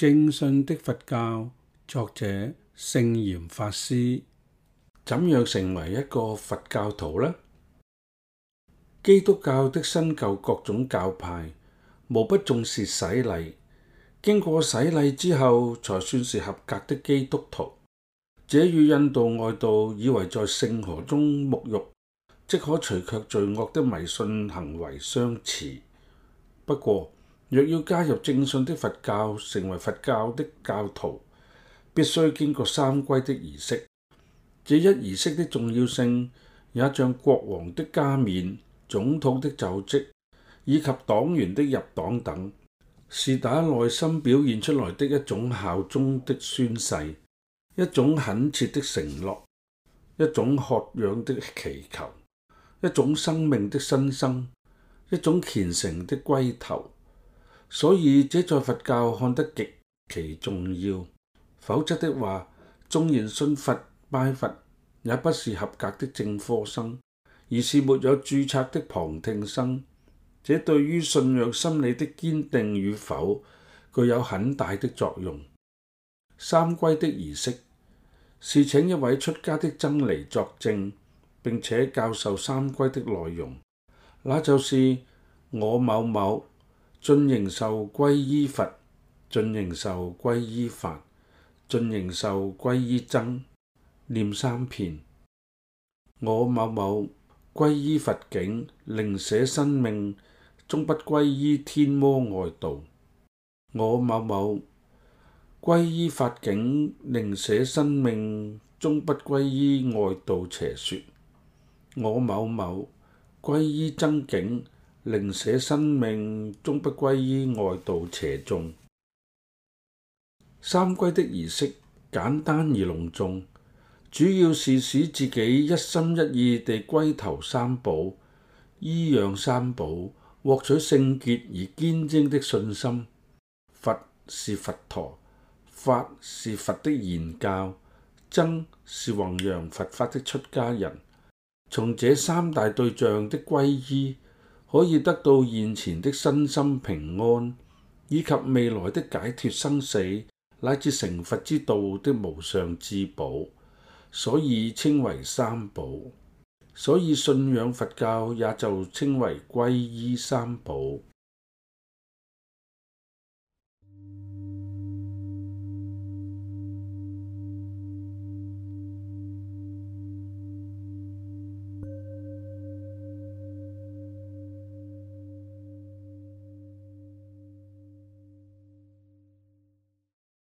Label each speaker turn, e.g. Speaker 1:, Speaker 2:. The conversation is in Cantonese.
Speaker 1: 正信的佛教，作者聖嚴法師，怎樣成為一個佛教徒呢？基督教的新舊各種教派，無不重視洗禮，經過洗禮之後，才算是合格的基督徒。這與印度外道以為在聖河中沐浴，即可除卻罪惡的迷信行為相似。不過，若要加入正信的佛教，成為佛教的教徒，必須經過三歸的儀式。這一儀式的重要性，也像國王的加冕、總統的就職，以及黨員的入黨等，是打內心表現出來的一種效忠的宣誓，一種懇切的承諾，一種渴仰的祈求，一種生命的新生，一種虔誠的歸投。所以這在佛教看得極其重要，否則的話，縱然信佛拜佛，也不是合格的正科生，而是沒有註冊的旁聽生。這對於信仰心理的堅定與否，具有很大的作用。三歸的儀式是請一位出家的僧尼作證，並且教授三歸的內容，那就是我某某。盡形壽歸依佛，盡形壽歸依法，盡形壽歸依僧，念三遍。我某某歸依佛境，寧捨生命，終不歸依天魔外道。我某某歸依法境，寧捨生命，終不歸依外道邪説。我某某歸依僧境。另寫生命終不歸於外道邪眾。三歸的儀式簡單而隆重，主要是使自己一心一意地歸投三寶，依養三寶，獲取聖潔而堅貞的信心。佛是佛陀，法是佛的言教，僧是弘揚佛法的出家人。從這三大對象的皈依。可以得到現前的身心平安，以及未來的解脫生死，乃至成佛之道的無上至寶，所以稱為三寶。所以信仰佛教，也就稱為皈依三寶。